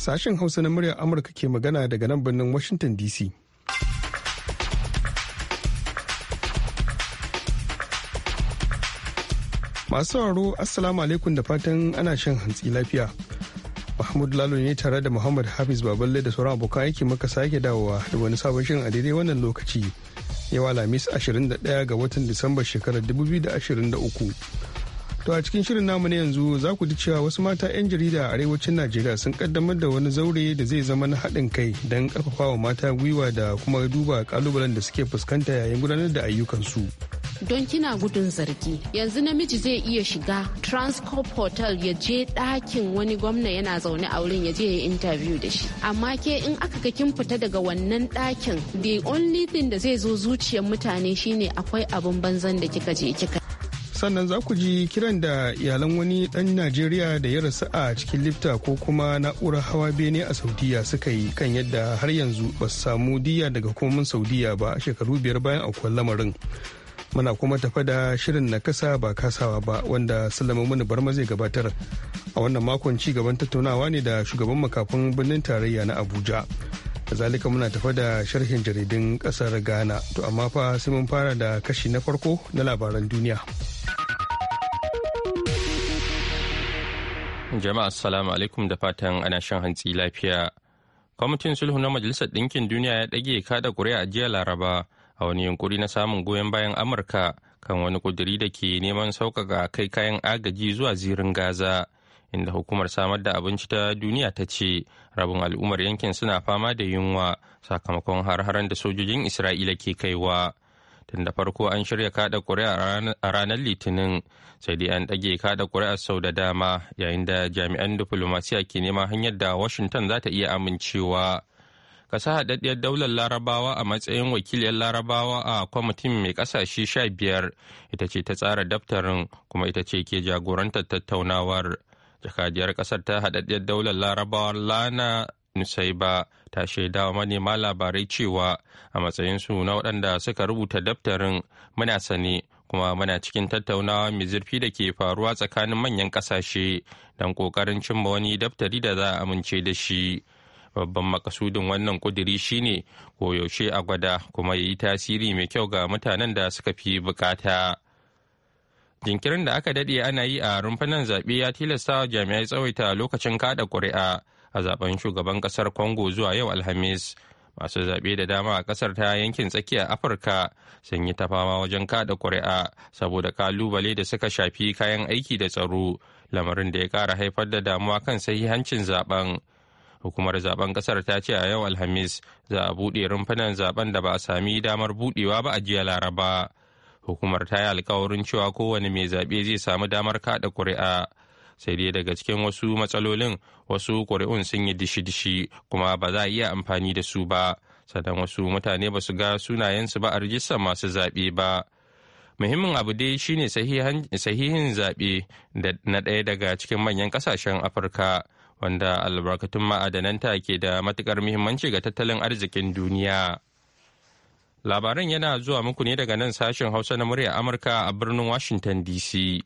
sashen Hausa na muryar Amurka ke magana daga nan birnin Washington DC. Masu sauraro Assalamu alaikum da fatan ana shan hantsi lafiya. Mahmud Lalo ne tare da Muhammad Hafiz Baballe da sauran abokan aiki muka sake dawowa da wani sabon shirin a daidai wannan lokaci. Yawa Lamis 21 ga watan Disamba shekarar 2023. To a cikin shirin namu na yanzu za ku ji cewa wasu mata 'yan jarida a arewacin Najeriya sun kaddamar da wani zaure da zai zama na haɗin kai don ƙarfafawa mata gwiwa da kuma duba kalubalen da suke fuskanta yayin gudanar da ayyukansu. Don kina gudun zargi yanzu namiji zai iya shiga Transcorp Hotel ya je ɗakin wani gwamna yana zaune a wurin ya je ya interview da shi. Amma ke in aka ga kin fita daga wannan ɗakin the only thing da zai zo zuciyar mutane shine akwai abin banzan da kika je kika sannan za ku ji kiran da iyalan wani ɗan najeriya da ya rasu a cikin lifta ko kuma na'urar hawa bene a saudiya suka yi kan yadda har yanzu ba su samu diya daga komin saudiya ba shekaru biyar bayan aukuwar lamarin muna kuma tafa da shirin na kasa ba kasawa ba wanda salama mini barma zai gabatar a wannan makon ci gaban tattaunawa ne da shugaban makafin birnin tarayya na abuja zalika muna tafa da sharhin jaridun kasar ghana to amma fa sai mun fara da kashi na farko na labaran duniya. Jama'a assalamu alaikum da fatan ana shan hantsi lafiya. Kwamitin sulhu na Majalisar Ɗinkin Duniya ya ɗage kada ƙuri'a jiya Laraba a wani yunkuri na samun goyon bayan Amurka kan wani ƙudiri da ke neman sauƙaƙa kai kayan agaji zuwa zirin Gaza. Inda hukumar samar da abinci ta duniya ta ce rabin al'ummar yankin suna fama da yunwa sakamakon har-haren da sojojin Isra'ila ke kaiwa. tun da farko an shirya kada kuri'a a ranar litinin sai dai an ɗage kada kuri'a sau da dama yayin da jami'an diflomasiya ke neman hanyar da washington za ta iya amincewa kasa haɗaɗɗiyar daular larabawa a matsayin wakiliyar larabawa a kwamitin mai ƙasashe sha biyar ita ce ta tsara daftarin kuma ita ce ke jagorantar tattaunawar jakadiyar ƙasar ta haɗaɗɗiyar daular larabawa lana Nusaiba ta shaida wa manema labarai cewa a matsayinsu na waɗanda suka rubuta daftarin muna sani kuma muna cikin tattaunawa mai zurfi da ke faruwa tsakanin manyan ƙasashe don ƙoƙarin cimma wani daftari da za a amince da shi. Babban makasudin wannan ƙudiri shine koyaushe a gwada kuma ya yi tasiri mai kyau ga mutanen da suka fi bukata. Jinkirin da aka daɗe ana yi a rumfunan zaɓe ya tilasta jami'ai tsawaita lokacin kaɗa ƙuri'a. a zaben shugaban kasar congo zuwa yau alhamis masu zaɓe da dama a ƙasar ta yankin tsakiyar afirka sun yi tafama wajen kaɗa ƙuri'a saboda kalubale da suka shafi kayan aiki da tsaro lamarin da ya ƙara haifar da damuwa kan hancin zaben hukumar zaben ƙasar ta ce a yau alhamis za a buɗe rumfunan zaben da ba a sami damar buɗewa ba a jiya laraba hukumar ta yi alkawarin cewa kowane mai zaɓe zai samu damar kaɗa ƙuri'a sai dai daga cikin wasu matsalolin wasu ƙuri'un sun yi dishi-dishi kuma ba za a iya amfani da su ba sannan wasu mutane ba su ga sunayensu ba a rijistar masu zaɓe ba muhimmin abu dai shine sahihin zaɓe na ɗaya daga cikin manyan ƙasashen afirka wanda albarkatun ma'adananta ke da matuƙar muhimmanci ga tattalin arzikin duniya. Labaran yana zuwa muku ne daga nan sashen Hausa na murya Amurka a birnin Washington DC.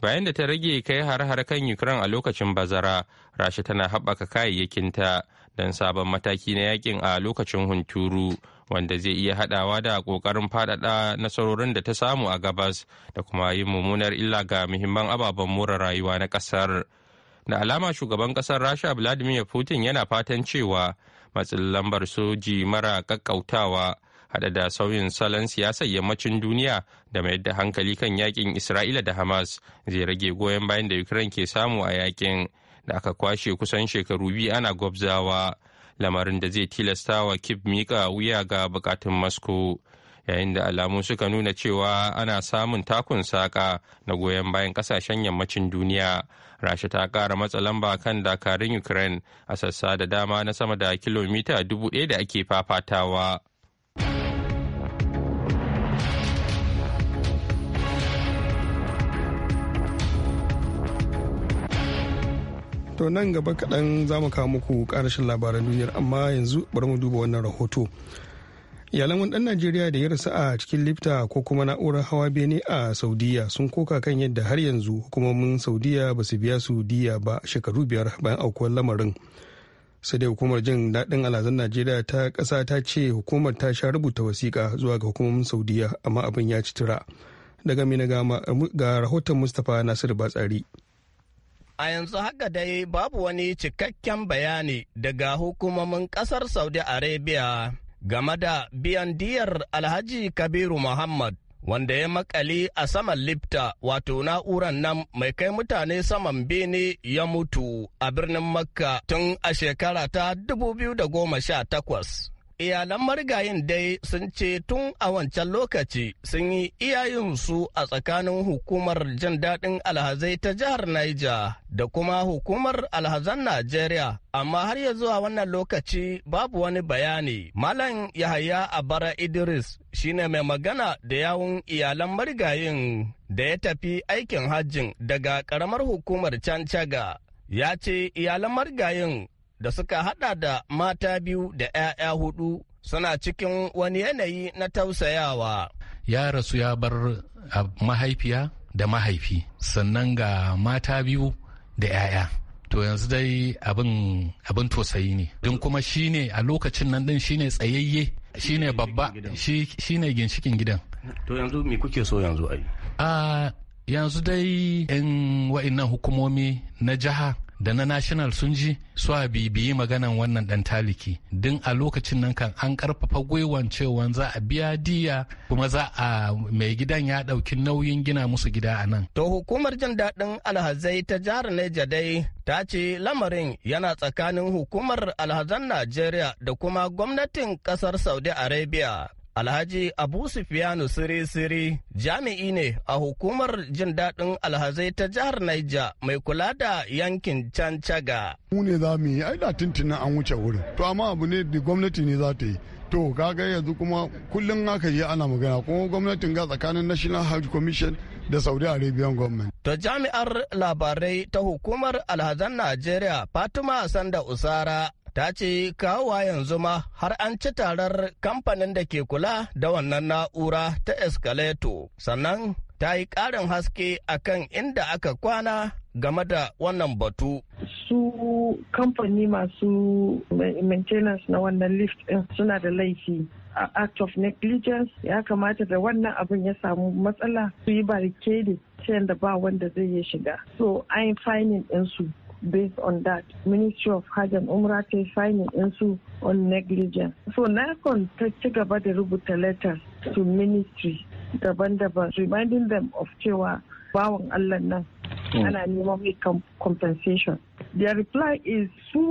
bayan da ta rage kai har-har kan ukraine a lokacin bazara rasha tana haɓaka kayayyakinta don sabon mataki na yakin a lokacin hunturu wanda zai iya haɗawa da ƙoƙarin faɗaɗa nasarorin da ta samu a gabas da kuma yin mummunar illa ga muhimman ababen more rayuwa na ƙasar da alama shugaban ƙasar rasha vladimir putin yana fatan cewa matsin lambar soji mara ƙaƙƙautawa hada da sauyin salon siyasar yammacin duniya da mai da hankali kan yakin isra'ila da hamas zai rage goyon bayan da ukraine ke samu a yakin da aka kwashe kusan shekaru biyu ana gwabzawa lamarin da zai tilasta wa kib mika wuya ga bukatun moscow yayin da alamu suka nuna cewa ana samun takun saka na goyon bayan ƙasashen yammacin duniya rasha ta ƙara matsa lamba kan dakarun ukraine a sassa da dama na sama da kilomita dubu ɗaya da ake fafatawa to nan gaba kaɗan za mu kawo muku ƙarashin labaran duniyar amma yanzu bari mu duba wannan rahoto iyalan wani ɗan najeriya da ya rasu a cikin lifta ko kuma na'urar hawa bene a saudiya sun koka kan yadda har yanzu hukumomin saudiya ba su biya su diya ba shekaru biyar bayan aukuwar lamarin sai dai hukumar jin daɗin alazan najeriya ta ƙasa ta ce hukumar ta sha rubuta wasiƙa zuwa ga hukumomin saudiya amma abin ya ci tura daga mina ga rahoton mustapha nasiru batsari A yanzu haka dai babu wani cikakken bayani daga hukumomin ƙasar Saudi Arabia game da biyan diyar Alhaji Kabiru Muhammad wanda ya makali a saman lifta wato na'urar nan mai kai mutane saman bene ya mutu a birnin Makka tun a shekara ta 2018. Iyalan marigayin dai sun ce tun a wancan lokaci sun yi iyayensu a tsakanin hukumar jin daɗin alhazai ta jihar Niger da kuma hukumar alhazan Najeriya amma har ya zuwa wannan lokaci babu wani bayani. Malam Yahaya Abara Idris shine mai magana da yawun iyalan marigayin da ya tafi aikin hajjin daga ƙaramar hukumar Cancaga. Ya ce iyalan marigayin da suka hada da mata biyu da 'ya'ya hudu suna cikin wani yanayi na tausayawa. Ya rasu ya bar mahaifiya da mahaifi sannan ga mata biyu da 'ya'ya. To yanzu dai abin tosayi ne. Don kuma shi ne a lokacin nan din shi ne tsayayye shi ne babba shi ne ginshikin gidan. To yanzu me kuke so yanzu ai? yanzu dai 'yan wa'in hukumomi na jiha da na national sun ji su a bibiyi maganan wannan dan taliki din a lokacin nan kan an karfafa gwiwan cewa za a biya diya kuma za a mai gidan ya dauki nauyin gina musu gida a nan to hukumar jin daɗin alhazai ta jihar neja dai ta ce lamarin yana tsakanin hukumar alhazan najeriya da kuma gwamnatin ƙasar saudi arabia Alhaji Abu Sufiyanu Siri-Siri jami'i ne a hukumar jin daɗin alhazai ta jihar Naija mai kula da yankin Caga. Mu ne za mu yi ai da tuntunan an wuce wurin. To amma abu ne da gwamnati ne za ta yi. To kaga yanzu kuma kullum haka yi ana magana kuma gwamnatin ga tsakanin National Health Commission da Saudi Arabian Government. To jami'ar labarai ta hukumar alhazan Najeriya Fatima Sanda Usara ta ce kawowa yanzu ma har an ci tarar kamfanin da ke kula da wannan na'ura ta escalator sannan ta yi ƙarin haske akan inda aka kwana game da wannan batu. Su kamfani masu maintenance na wannan lift suna da laifi. a act of negligence ya kamata da wannan abin ya samu matsala su yi barricade ta da ba wanda zai yi shiga. So, I'm finding ɗinsu. based on that ministry of hajj and umrah take yi signing on negligence so nacon ta ci gaba da rubuta letters to ministry daban-daban reminding them of cewa bawan allah nan hmm. ana neman mai compensation their reply is su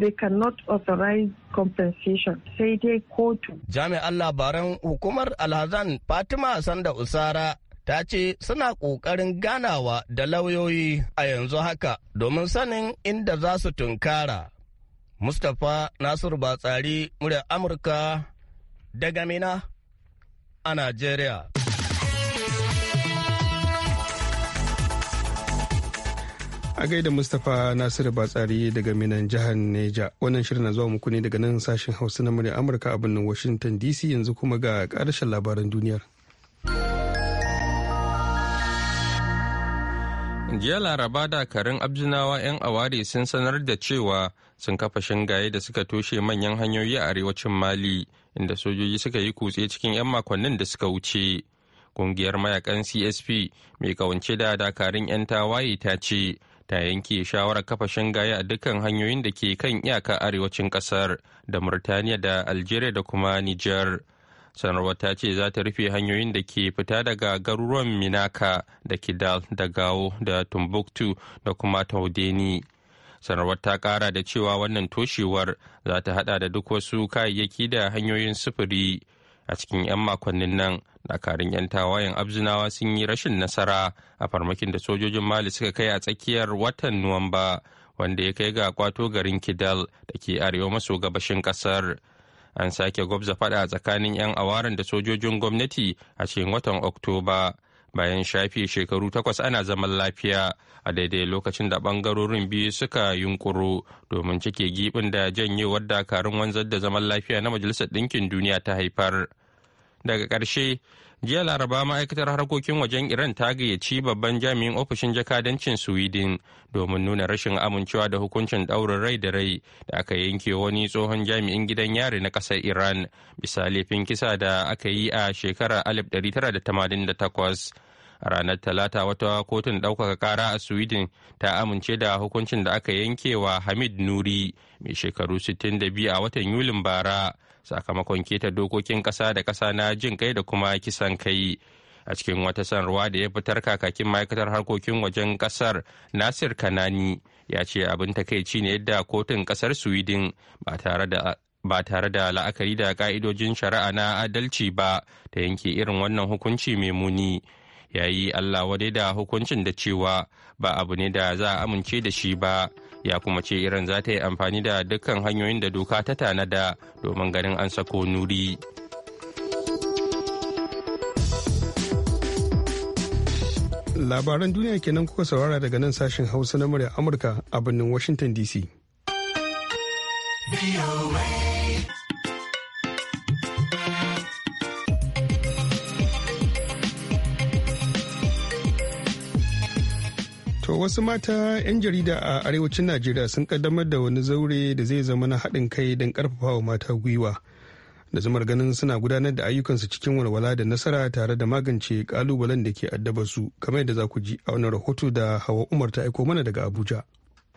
they cannot authorize compensation sai dai kotu. Jami'an labaran hukumar Alhazan Fatima Sanda Usara ta ce suna ƙoƙarin ganawa da lauyoyi a yanzu haka domin sanin inda za su tunkara. Mustapha Nasiru Batsari murya Amurka daga Mina a Najeriya. A gaida Mustapha Nasiru Batsari daga Minan jihar Neja. Wannan shirin na zuwa muku ne daga nan sashen Hausa na murya Amurka a birnin Washington DC yanzu kuma ga ƙarshen labaran duniyar. jiya laraba dakarun abjinawa 'yan aware sun sanar da cewa sun kafa shingaye da suka toshe manyan hanyoyi a arewacin mali inda sojoji suka yi kutse cikin 'yan makonnin da suka wuce kungiyar mayakan csp mai kawance da dakarun 'yan tawaye ta ce ta yanke shawarar kafa shingaye a dukkan hanyoyin da ke kan iyaka arewacin kasar da murtaniya da algeria da kuma niger sanarwar ta ce za ta rufe hanyoyin da ke fita daga garuruwan minaka da kidal da gawo da tumbuktu da kuma taudeni sanarwar ta kara da cewa wannan toshewar za ta hada da duk wasu kayayyaki da hanyoyin sufuri a cikin 'yan makonnin nan dakarun 'yan tawayen abzinawa sun yi rashin nasara a farmakin da sojojin mali suka kai a tsakiyar watan nuwamba wanda ya kai ga kwato garin kidal da ke arewa maso gabashin kasar an sake gwabza fada tsakanin 'yan awaran da sojojin gwamnati a cikin watan oktoba bayan shafi shekaru takwas ana zaman lafiya a daidai lokacin da bangarorin biyu suka yunkuru domin cike gibin da janyewar dakarun wanzar da zaman lafiya na majalisar ɗinkin duniya ta haifar daga ƙarshe jiya laraba ma'aikatar harkokin wajen iran ta gayyaci babban jami'in ofishin jakadancin sweden domin nuna rashin amincewa da hukuncin ɗaurin rai da rai da aka yanke wani tsohon jami'in gidan yari na ƙasar iran bisa laifin kisa da aka yi a shekarar 1988 a ranar talata wata kotun ɗaukaka ƙara a sweden ta amince da hukuncin da aka yanke wa hamid nuri mai shekaru 62 a watan yulin bara sakamakon keta dokokin kasa da kasa na jin kai da kuma kisan kai a cikin wata sanarwa da ya fitar kakakin ma'aikatar harkokin wajen kasar nasir kanani ya ce abin takaici ne yadda kotun kasar sweden ba tare da la'akari da ka'idojin shari'a na adalci ba ta yanke irin wannan hukunci mai muni ya yi allah wadai da hukuncin da cewa ba abu ne da za a amince da shi ba ya kuma ce iran za ta yi amfani da dukkan hanyoyin da doka ta tanada domin ganin an sako nuri labaran duniya kenan kuka saurara daga nan sashen hausa na murya amurka a birnin washington dc To wasu mata 'yan jarida a arewacin Najeriya sun kaddamar da wani zaure da zai zama na haɗin kai don wa mata gwiwa. Da zumar ganin suna gudanar da ayyukansu cikin walwala da nasara tare da magance ƙalubalen da ke addaba su kamar yadda za ku ji a wani rahoto da Hawa Umar ta aiko mana daga Abuja.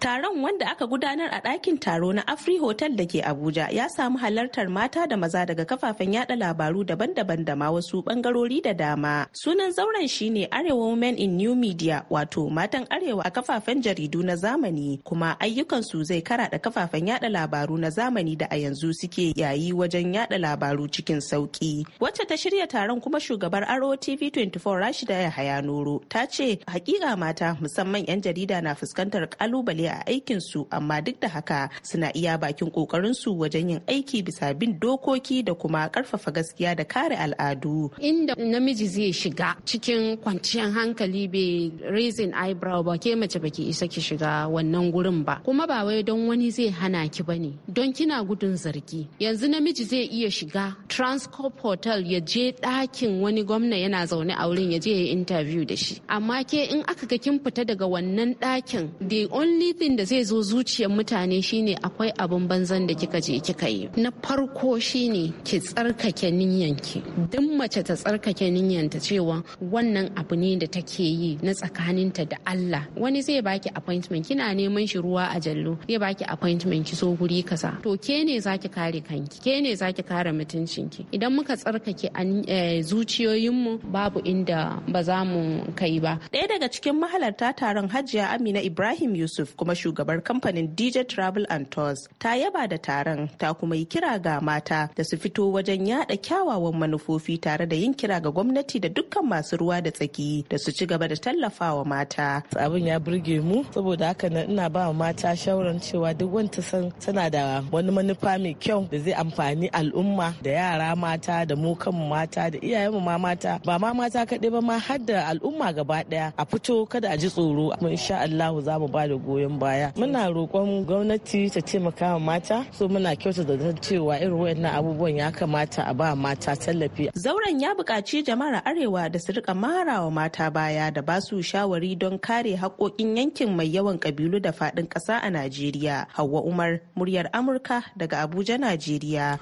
Taron wanda aka gudanar a ɗakin taro na Afri Hotel da ke Abuja ya samu halartar mata da maza daga kafafen yada labaru daban-daban da ma wasu bangarori da dama. Sunan zauren shine Arewa Women in New Media wato matan Arewa a kafafen jaridu na zamani kuma ayyukansu zai karaɗa kafafen yada labaru na zamani da a yanzu suke yayi wajen yada labaru cikin sauki. Wacce ta shirya taron kuma shugabar ROTV 24 Rashida Yahaya Noro ta ce hakika mata musamman 'yan jarida na fuskantar kalubale gajiya a aikinsu amma duk da haka suna iya bakin kokarinsu wajen yin aiki bisa bin dokoki da kuma karfafa gaskiya da kare al'adu. Inda namiji zai shiga cikin kwanciyar hankali bai raising eyebrow ba ke mace baki isa ki shiga wannan gurin ba kuma ba wai don wani zai hana ki bane don kina gudun zargi yanzu namiji zai iya shiga transcorp hotel ya je ɗakin wani gwamna yana zaune a wurin ya je ya interview da shi amma ke in aka ga kin fita daga wannan ɗakin the only kifin da zai zo zuciyar mutane shine akwai abin banzan da kika je kika yi na farko shine ki tsarkake niyyanki duk mace ta tsarkake niyyanta cewa wannan abu ne da take yi na tsakaninta da Allah wani zai baki appointment kina neman shi ruwa a jallo zai baki appointment ki so guri kaza to ke ne zaki kare kanki ke ne zaki kare mutuncinki idan muka tsarkake eh, zuciyoyinmu babu inda ba za mu kai ba ɗaya daga cikin mahalarta taron hajiya Amina Ibrahim Yusuf kuma shugabar kamfanin DJ Travel and Tours ta yaba da taron ta kuma yi kira ga mata da su fito wajen yada kyawawan manufofi tare da yin kira ga gwamnati da dukkan masu ruwa da tsaki da su ci gaba da tallafawa mata. Abin ya burge mu saboda haka na ina ba mata shawaran cewa duk wanda san tana da wani manufa mai kyau da zai amfani al'umma da yara mata da mu kanmu mata da iyayenmu ma mata ba ma mata kaɗai ba ma har da al'umma gaba ɗaya a fito kada a ji tsoro. Insha Allah za mu ba da goyon baya muna roƙon gwamnati ta taimaka wa mata so muna kyauta da cewa irin wayannan abubuwan ya kamata a ba mata tallafi zauren ya buƙaci jama'ar arewa da su rika marawa mata baya da ba su shawari don kare haƙoƙin yankin mai yawan kabilu da faɗin ƙasa a najeriya hawa umar muryar amurka daga abuja najeriya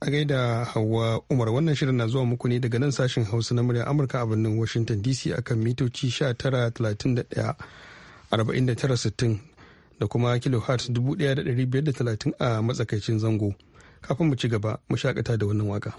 a gaida hawa umar wannan shirin na zuwa muku ne daga nan sashen hausa na murya amurka a birnin washington dc akan mitoci 1931 4960 da kuma kilohertz 1530 a matsakaicin zango kafin mu ci gaba mu shakata da wannan waka.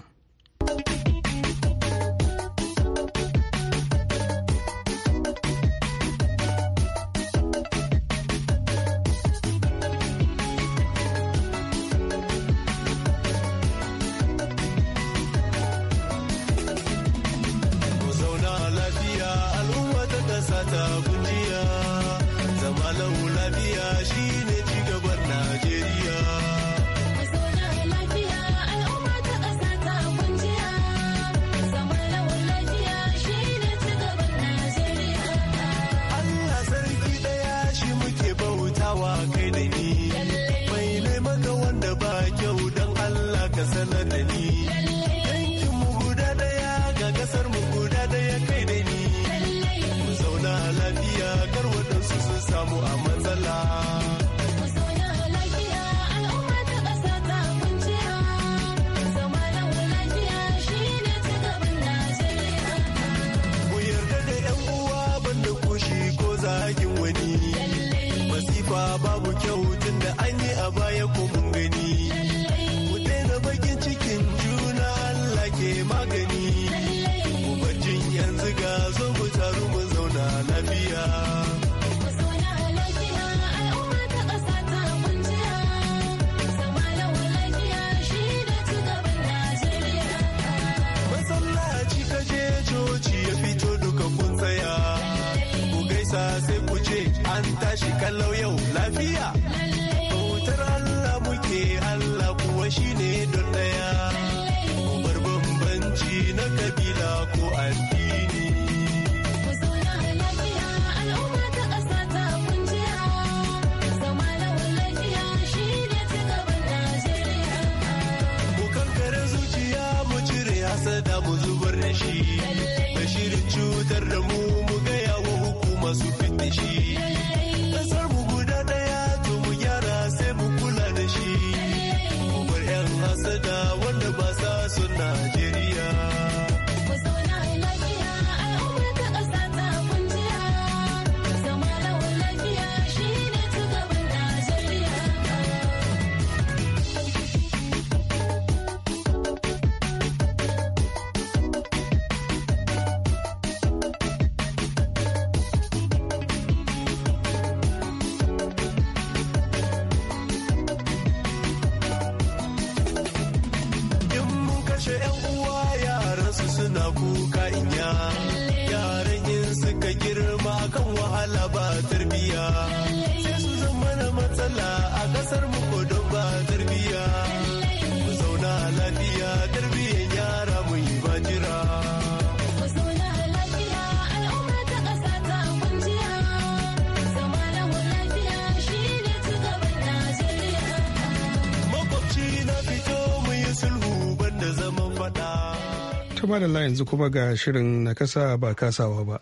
kama da yanzu kuma ga shirin nakasa ba kasawa ba.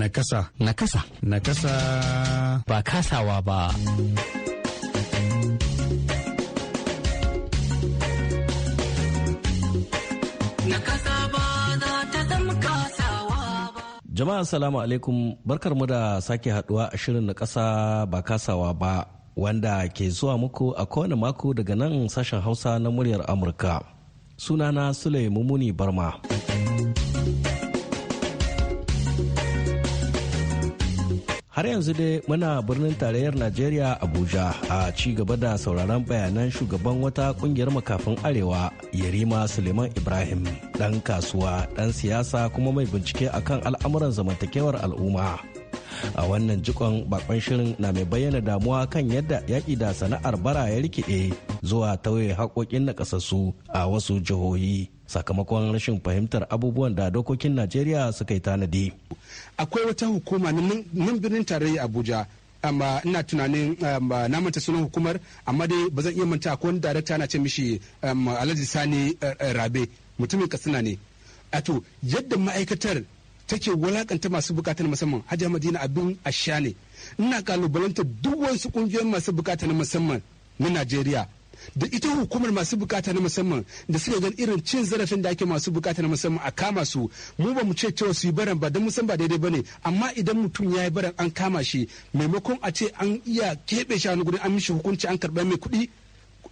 Nakasa. Nakasa. Nakasa. Ba kasawa ba. Jama'a salamu alaikum barkar mu da sake haduwa a shirin na kasa ba kasawa ba wanda ke zuwa muku a kowane mako daga nan sashen hausa na muryar Amurka. sunana sule mumuni barma har yanzu dai muna birnin tarayyar najeriya abuja a ci gaba da sauraron bayanan shugaban wata kungiyar makafin arewa yarima suleiman ibrahim dan kasuwa dan siyasa kuma mai bincike akan al'amuran zamantakewar al'umma a wannan jikon bakon shirin na mai bayyana damuwa kan yadda yaƙi da sana'ar bara ya rikide zuwa tauye haƙoƙin nakasassu a wasu jihohi sakamakon rashin fahimtar abubuwan da dokokin najeriya suka yi tanadi akwai wata hukuma nan birnin tarayya abuja amma ina tunanin um, na manta sunan hukumar amma dai ba zan iya manta akwai wani darakta na ce mishi um, alhaji sani uh, rabe mutumin katsina ne ato yadda ma'aikatar take wulakanta masu bukata na musamman hajji madina abin asha ne ina kalubalanta duk wasu kungiyoyin masu bukata na musamman na najeriya da ita hukumar masu bukata na musamman da suka gan irin cin zarafin da ake masu bukata na musamman a kama su mu ba mu ce cewa su yi baran ba don musamman ba daidai ba ne amma idan mutum ya yi baran an kama shi maimakon a ce an iya keɓe shi a gurin an mishi hukunci an karba mai kuɗi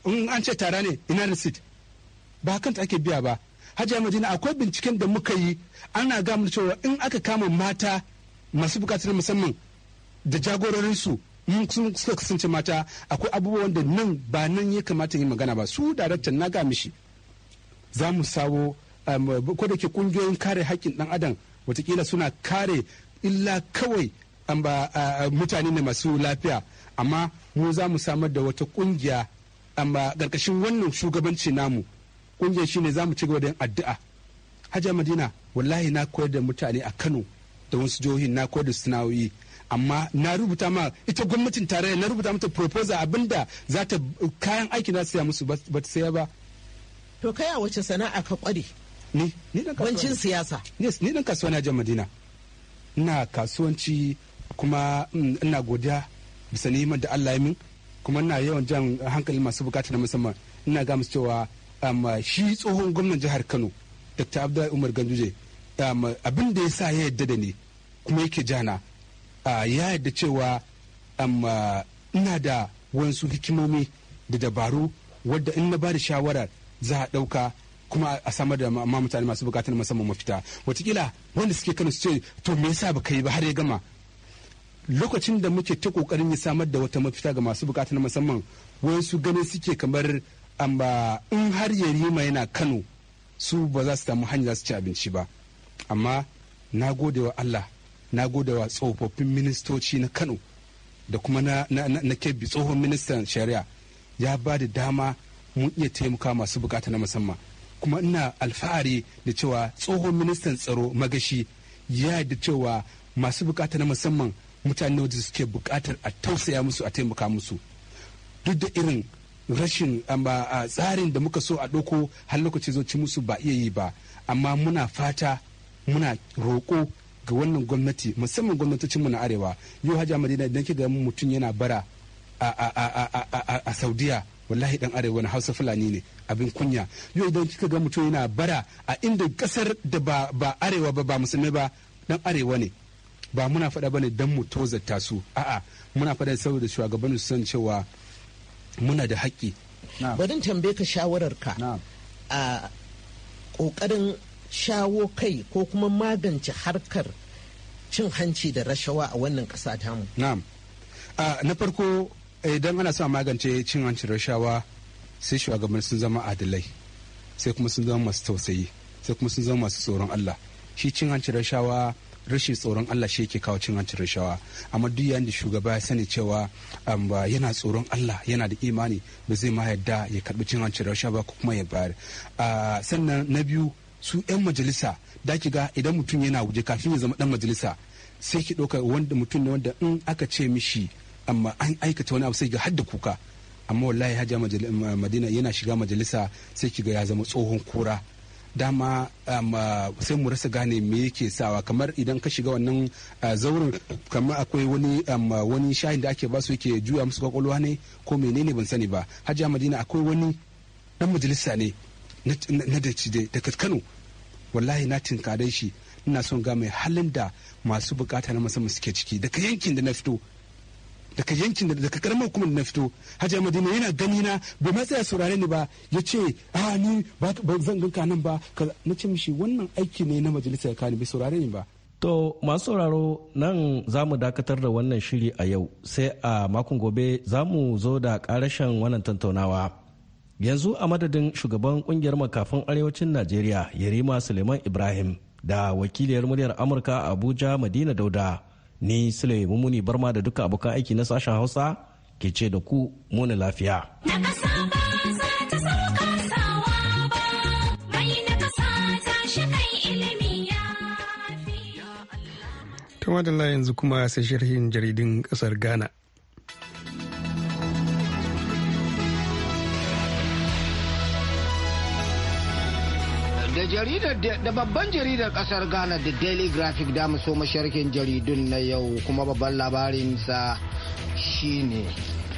in an ce tara ne ina receipt ba hakan ta ake biya ba hajiya madina akwai binciken da muka yi ana ga mana cewa in aka kama mata masu bukatar musamman da jagororinsu in sun suka kasance mata akwai abubuwan da nan ba nan ya kamata yi magana ba su daraktan na ga mishi za mu sawo um, ko da ke kungiyoyin kare haƙƙin ɗan adam watakila suna kare illa kawai um, mutane ne masu lafiya amma mu za mu samar da wata ƙungiya amma um, ƙarƙashin wannan shugabanci namu kungiyar shi ne za mu ci gaba da yin addu'a hajjar madina wallahi na koyar da mutane a kano da wasu jihohi na koyar da sana'o'i amma na rubuta ma ita gwamnatin tarayya na rubuta mata proposal abinda za ta kayan aiki na saya musu ba ta saya ba to kai a wace sana'a ka kware ni ni dan kasuwanci siyasa yes ni dan kasuwa na madina ina kasuwanci kuma mm, ina godiya bisa neman da Allah ya min kuma ina yawan jan hankalin masu bukata na musamman ina ga musu cewa amma shi tsohon gwamnan jihar kano dr abdullahi umar ganduje abin da ya sa ya yadda da ni kuma yake jana ya yadda cewa amma ina da wasu hikimomi da dabaru wadda in na ba da shawara za a ɗauka kuma a samar da ma mutane masu bukatar musamman mafita watakila wanda suke kano su ce to me yasa baka yi ba har ya gama lokacin da muke ta kokarin ya samar da wata mafita ga masu bukatar musamman wasu ganin suke kamar amma in har yarima yana kano su ba za su samu hanyar su ci abinci ba amma na gode wa allah na gode wa tsofaffin ministoci na kano da kuma na, na, na, kebbi tsohon ministan shari'a ya ba da dama mun iya taimaka masu bukata na musamman kuma ina alfahari da cewa tsohon ministan tsaro magashi ya da cewa masu bukata na musamman mutane wajen suke bukatar a tausaya musu a taimaka musu duk da irin rashin tsarin da muka so a ɗauko har lokaci zo musu ba iya yi ba amma muna fata muna roƙo ga wannan gwamnati musamman gwamnatocinmu na arewa yau hajji madina idan ki ga mutum yana bara a saudiya wallahi dan arewa na hausa fulani ne abin kunya yau idan kika ga mutum yana bara a inda kasar da ba, ba arewa ba ba musulmai ba dan arewa ne ba muna faɗa bane dan mu tozarta su a'a muna faɗa saboda shugaban su san cewa muna da haƙƙi bari tambaye ka shawarar ka a ƙoƙarin shawo kai ko kuma magance harkar cin hanci da rashawa a wannan ƙasa tamu na'am na farko idan ana son magance cin hanci da rashawa sai shugabanni sun zama adalai sai kuma sun zama masu tausayi sai kuma sun zama masu tsoron Allah shi cin hanci da rashawa rashin tsoron Allah shi yake kawo cin hancin rashawa amma duk yayin da shugaba ya sani cewa um, ba yana tsoron Allah yana da imani ba zai ma yadda ya karbi cin hancin rashawa ba ko kuma ya bayar ah, sannan na biyu su 'yan majalisa da ki ga idan mutum yana waje kafin ya zama dan majalisa sai ki ɗauka wanda mutum ne wanda in aka ce mishi amma um, an aikata wani abu sai ga hadda kuka amma wallahi hajja madina yana shiga majalisa sai ki ga ya zama tsohon kura dama um, uh, sai mu rasa gane me yake sawa kamar idan ka shiga wannan uh, zaurin kamar akwai wani um, uh, wani shayin da ake ba su yake juya musu kwakwalwa ne ko menene ban sani ba hajji madina akwai wani dan majalisa ne na da daga kano wallahi na tinkare shi ina son ga mai halin da masu bukata na musamman suke ciki daga yankin da na fito daga yankin da daga karamar hukumar na fito hajji madina yana gani na bai matsaya tsaya saurare ni ba ya ce a ni ba zan ganka nan ba na ce mishi wannan aiki ne na majalisar kani bai saurare ni ba To masu sauraro nan za mu dakatar da wannan shiri a yau sai a makon gobe za mu zo da karashen wannan tattaunawa. Yanzu a madadin shugaban kungiyar makafin arewacin Najeriya Yarima Suleiman Ibrahim da wakiliyar muryar Amurka Abuja Madina Dauda ni sule mummuni barma da duka abokan aiki na sashen hausa ke ce da ku muna lafiya kama da yanzu kuma sai sharhin jaridin kasar ghana jaridar da babban jaridar kasar ghana da daily graphic da so masharkin jaridun na yau kuma babban labarinsa shine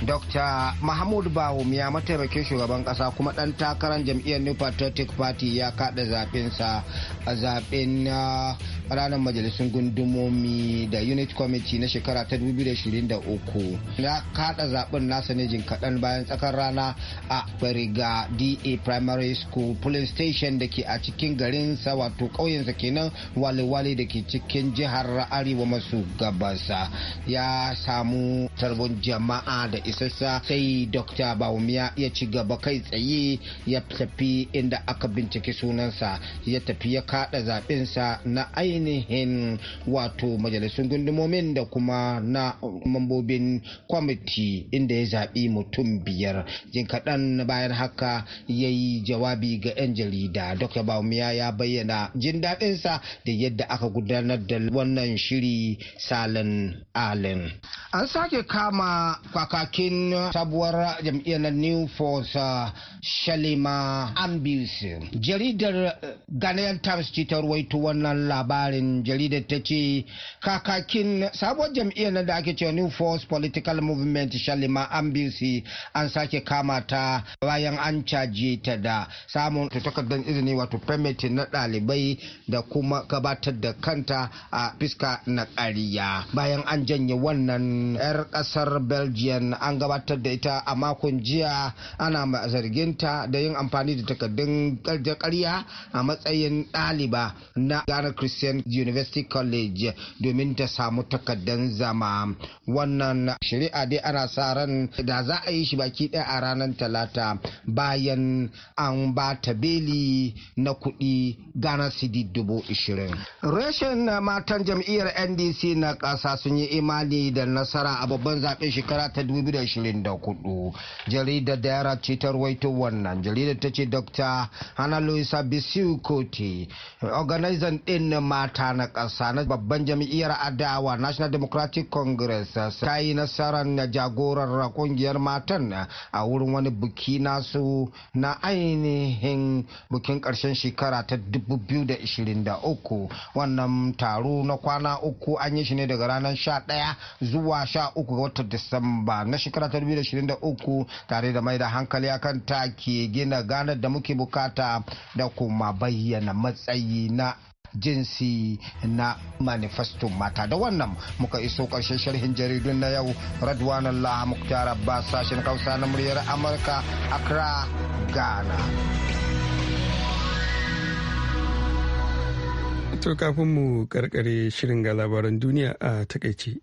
dr mahmud bawum ya mataimakin shugaban kasa kuma dan takarar jam'iyyar new patriotic party ya kada sa a zaɓen ah, ranar majalisun gundumomi da unit committee na shekara ta 2023 ya kada zaben nasa ne jin kaɗan bayan tsakar rana a bariga da primary school polling station da ke a cikin garinsa wato ƙauyensa kenan wale-wale da ke cikin jihar arewa masu gabasa ya samu tarbon jama'a da isassa sai dr bawumiya ya ci gaba kai tsaye ya tafi inda aka bincike sunansa ya tafi ya kada sa na ainihin ainihin wato majalisun gundumomin da kuma na mambobin kwamiti inda ya zaɓi mutum biyar jin kaɗan bayan haka ya yi jawabi ga 'yan jarida dr baumiya ya bayyana jin daɗinsa da yadda aka gudanar da wannan shiri salin alin an sake kama kakakin sabuwar jam'iyyar new force uh, shalima ambulance jaridar uh, ghanaian times ci ta ruwaito wannan labari labarin jaridar ta ce kakakin sabuwar jam'iyyar da ake cewa new force political movement shalima ambisi an sake kamata bayan an caji ta da samun takardar izini wato permit na ɗalibai da kuma gabatar da kanta a fiska na ƙariya bayan an janye wannan 'yar ƙasar belgium an gabatar da ita a makon jiya ana zarginta da yin amfani da takardun ƙarya a matsayin ɗaliba na ghana christian Nigerian University College domin ta samu takardar zama. Wannan shari'a dai ana sa ran da za a yi shi baki ɗaya a ranar Talata bayan an ba ta beli na kuɗi Ghana Cedi dubu ishirin. Rashin matan jam'iyyar NDC na ƙasa sun yi imani da nasara a babban zaɓen shekara ta 2024. Jaridar da yara ce ta ruwaito wannan. Jaridar ta ce Dr. Hana Luisa Bisiu Kote, organizan ɗin ma mata na ƙasa na babban jam'iyyar adawa national democratic congress ta yi nasarar na jagorar ƙungiyar matan a wurin wani buki nasu na ainihin bukin ƙarshen shekara ta 2023 wannan taro na kwana uku an yi shi ne daga ranar 11 zuwa 13 ga watan disamba na shekara ta 2023 tare da mai da hankali akan take gina ganar da muke bukata da kuma bayyana matsayi na jinsi na manifesto mata da wannan muka iso karshen sharhin jaridun na yau radwanan lahamuktar abbas sashen kausa na muryar amurka accra ghana to kafin mu karkare shirin ga labaran duniya a takaice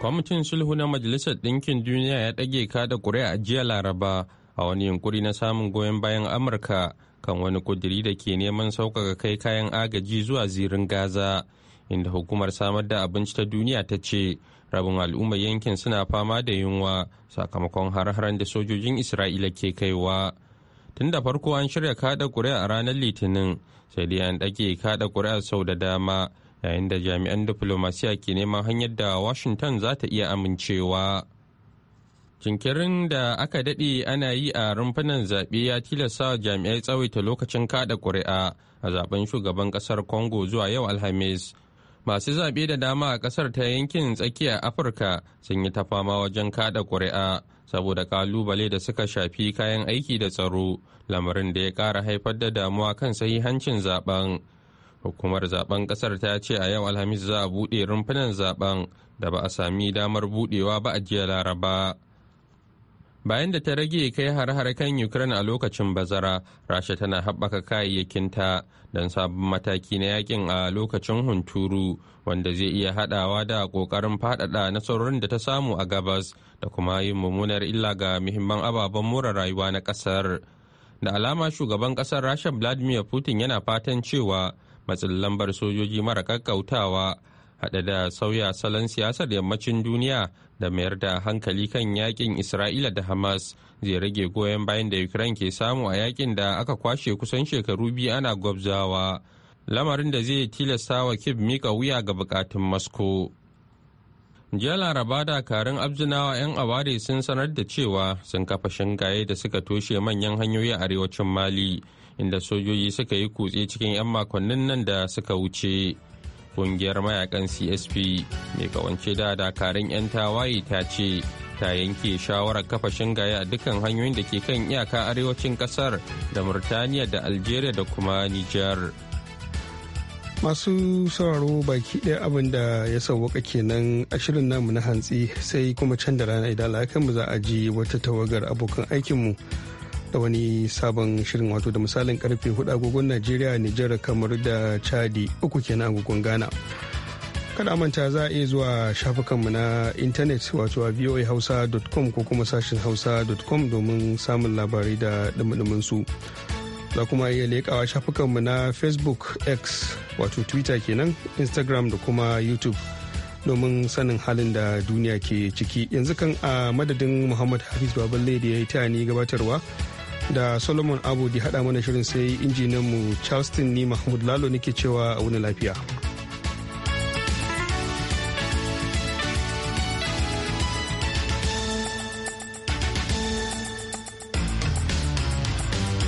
kwamitin sulhu na majalisar ɗinkin duniya ya ɗage kada ƙuri'a jiya laraba a wani yunkuri na samun goyon bayan amurka kan wani kudiri da ke neman sauƙaƙa kai kayan agaji zuwa zirin gaza inda hukumar samar da abinci ta duniya ta ce rabin al'ummar yankin suna fama da yunwa sakamakon har-haren da sojojin isra'ila ke kaiwa tun da farko an shirya kada kuri'a a ranar litinin sai dai an ɗage kada kuri'a sau da dama yayin da jami'an diflomasiya ke neman hanyar da washington za ta iya amincewa. jinkirin da aka daɗe ana yi a rumfunan zaɓe ya tilasta jami'ai tsawaita lokacin kada ƙuri'a a zaben shugaban ƙasar congo zuwa yau alhamis masu zaɓe da dama a ƙasar ta yankin tsakiyar afirka sun yi ta fama wajen kada ƙuri'a saboda ƙalubale da suka shafi kayan aiki da tsaro lamarin da ya ƙara haifar da damuwa kan sahihancin zaben hukumar zaben ƙasar ta ce a yau alhamis za a buɗe rumfunan zaben da ba a sami damar buɗewa ba a jiya laraba bayan da ta rage kai har-har kan ukraine a lokacin bazara rasha tana haɓaka kayayyakinta don sabon mataki na yakin a lokacin hunturu wanda zai iya haɗawa da ƙoƙarin faɗaɗa nasarorin da ta samu a gabas da kuma yin mummunar illa ga muhimman ababen more rayuwa na ƙasar da alama shugaban ƙasar rasha vladimir putin yana fatan cewa matsin lambar sojoji mara ƙaƙƙautawa haɗe da sauya salon siyasar yammacin duniya da mayar da hankali kan yakin isra'ila da hamas zai rage goyon bayan da ukraine ke samu a yakin da aka kwashe kusan shekaru biyu ana gwabzawa lamarin da zai tilasta wa kib mika wuya ga bukatun masko jiya laraba karin abzinawa 'yan aware sun sanar da cewa sun kafa shingaye da suka toshe manyan hanyoyi a arewacin mali inda sojoji suka yi kutse cikin 'yan makonnin nan da suka wuce kungiyar mayakan csp mai kawance da dakarun 'yan tawaye ta ce ta yanke shawarar kafa shingaye a dukkan hanyoyin da ke kan iyaka arewacin kasar da murtaniya da algeria da kuma niger masu sauraro baki ɗaya abin da ya sauwaka kenan ashirin namu na hantsi sai kuma can da rana idan mu za a ji wata tawagar abokan aikinmu. da wani sabon shirin wato da misalin karfe hudu agogon Najeriya, Nijar, kamar da Chadi uku kenan agogon Ghana. Kada manta za a iya zuwa shafukanmu na intanet wato a voahausa.com ko kuma sashin hausa.com domin samun labarai da dumudumin su. Za kuma iya leƙawa shafukanmu na Facebook, X wato Twitter kenan, Instagram da kuma YouTube. domin sanin halin da duniya ke ciki yanzu kan a madadin muhammad hafiz baballe da ya yi ta ni gabatarwa da solomon abu di haɗa mana shirin sai injinanmu charleston ni mahmud lalo nake cewa wani lafiya